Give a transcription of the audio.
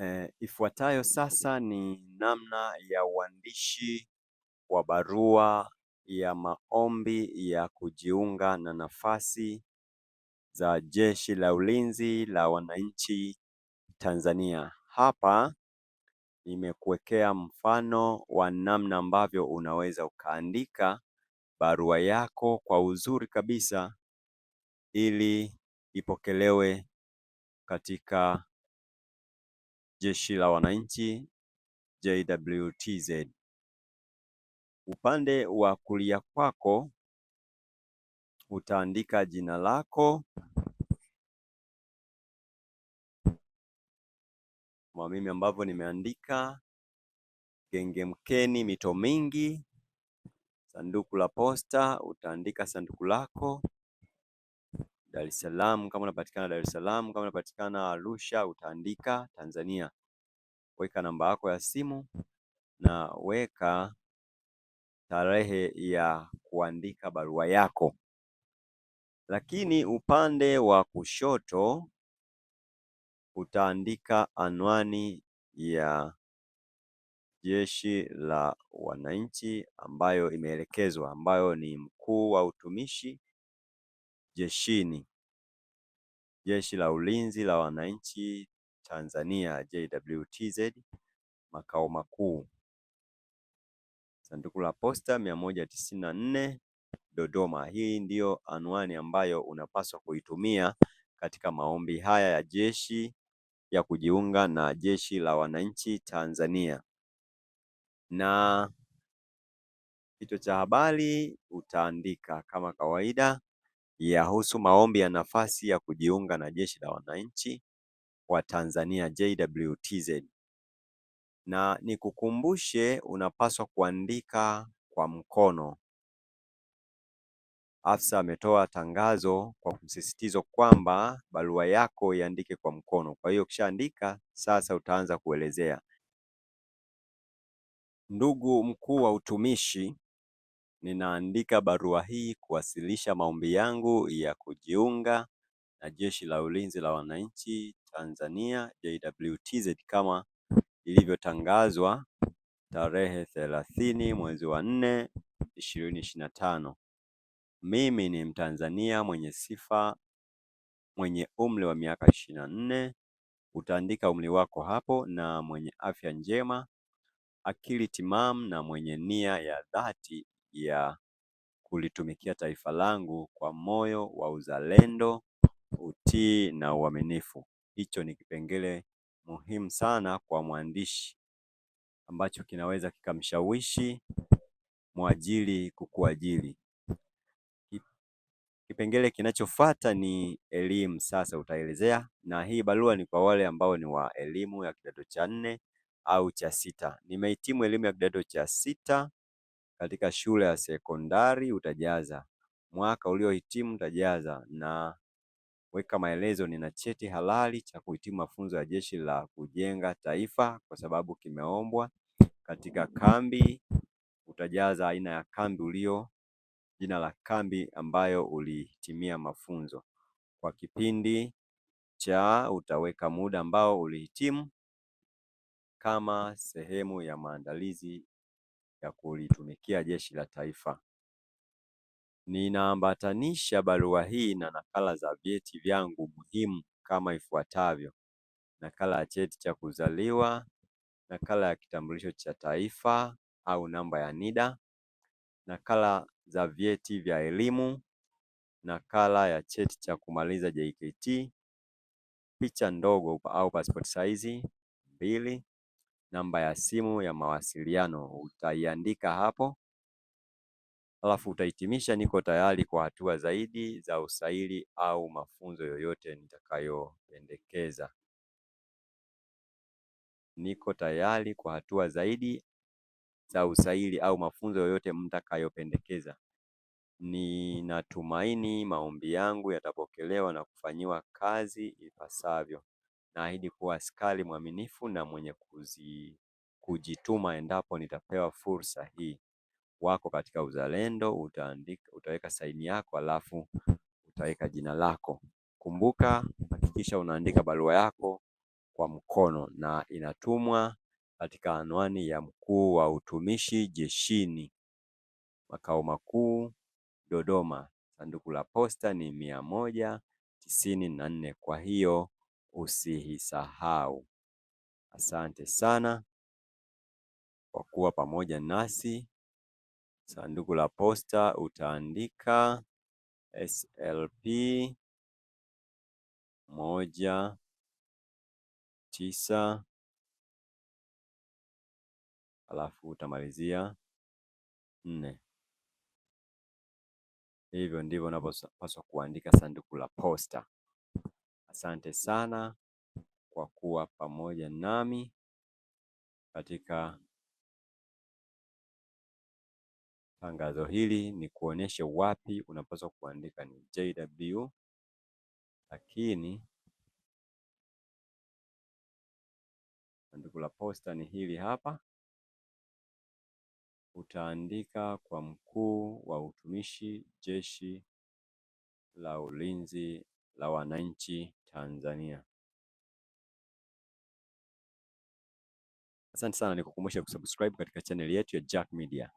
Eh, ifuatayo sasa ni namna ya uandishi wa barua ya maombi ya kujiunga na nafasi za Jeshi la Ulinzi la Wananchi Tanzania. Hapa nimekuwekea mfano wa namna ambavyo unaweza ukaandika barua yako kwa uzuri kabisa ili ipokelewe katika Jeshi la Wananchi JWTZ. Upande wa kulia kwako utaandika jina lako. Kwa mimi ambavyo nimeandika Gengemkeni mito mingi. Sanduku la posta utaandika sanduku lako. Dar es Salaam kama unapatikana Dar es Salaam, kama unapatikana Arusha utaandika Tanzania weka namba yako ya simu na weka tarehe ya kuandika barua yako. Lakini upande wa kushoto utaandika anwani ya Jeshi la Wananchi ambayo imeelekezwa, ambayo ni mkuu wa utumishi jeshini, Jeshi la Ulinzi la Wananchi Tanzania JWTZ makao makuu, sanduku la posta 194 Dodoma. Hii ndiyo anwani ambayo unapaswa kuitumia katika maombi haya ya jeshi ya kujiunga na Jeshi la Wananchi Tanzania. Na kichwa cha habari utaandika kama kawaida, yahusu maombi ya nafasi ya kujiunga na Jeshi la Wananchi wa Tanzania JWTZ. Na nikukumbushe unapaswa kuandika kwa mkono. Afsa ametoa tangazo kwa msisitizo kwamba barua yako iandike kwa mkono. Kwa hiyo ukishaandika sasa utaanza kuelezea. Ndugu mkuu wa utumishi, ninaandika barua hii kuwasilisha maombi yangu ya kujiunga na Jeshi la Ulinzi la Wananchi Tanzania JWTZ kama ilivyotangazwa tarehe 30 mwezi wa 4 2025. Mimi ni Mtanzania mwenye sifa mwenye umri wa miaka 24, Utaandika umri wako hapo, na mwenye afya njema, akili timamu, na mwenye nia ya dhati ya kulitumikia taifa langu kwa moyo wa uzalendo, utii na uaminifu. Hicho ni kipengele muhimu sana kwa mwandishi ambacho kinaweza kikamshawishi mwajili kukuajili Kipengele kinachofuata ni elimu. Sasa utaelezea, na hii barua ni kwa wale ambao ni wa elimu ya kidato cha nne au cha sita. Nimehitimu elimu ya kidato cha sita katika shule ya sekondari, utajaza mwaka uliohitimu utajaza na Weka maelezo, nina cheti halali cha kuhitimu mafunzo ya Jeshi la Kujenga Taifa kwa sababu kimeombwa katika kambi. Utajaza aina ya kambi ulio, jina la kambi ambayo ulihitimia mafunzo kwa kipindi cha, utaweka muda ambao ulihitimu kama sehemu ya maandalizi ya kulitumikia Jeshi la Taifa. Ninaambatanisha barua hii na nakala za vyeti vyangu muhimu kama ifuatavyo: nakala ya cheti cha kuzaliwa, nakala ya kitambulisho cha taifa au namba ya NIDA, nakala za vyeti vya elimu, nakala ya cheti cha kumaliza JKT, picha ndogo au passport size mbili, namba ya simu ya mawasiliano utaiandika hapo alafu utahitimisha, niko tayari kwa hatua zaidi za usaili au mafunzo yoyote nitakayopendekeza. Niko tayari kwa hatua zaidi za usaili au mafunzo yoyote mtakayopendekeza. Ninatumaini maombi yangu yatapokelewa na kufanyiwa kazi ipasavyo. Naahidi kuwa askari mwaminifu na mwenye kujituma endapo nitapewa fursa hii wako katika uzalendo, utaandika, utaweka saini yako alafu utaweka jina lako. Kumbuka, hakikisha unaandika barua yako kwa mkono na inatumwa katika anwani ya mkuu wa utumishi jeshini, makao makuu Dodoma. Sanduku la posta ni mia moja tisini na nne. Kwa hiyo usihisahau. Asante sana kwa kuwa pamoja nasi sanduku la posta utaandika SLP moja tisa alafu utamalizia nne. Hivyo ndivyo unavyopaswa kuandika sanduku la posta. Asante sana kwa kuwa pamoja nami katika Tangazo hili ni kuonyesha wapi unapaswa kuandika ni JW, lakini sanduku la posta ni hili hapa. Utaandika kwa mkuu wa utumishi, jeshi la ulinzi la wananchi Tanzania. Asante sana, nikukumbusha kusubscribe katika chaneli yetu ya Jack Media.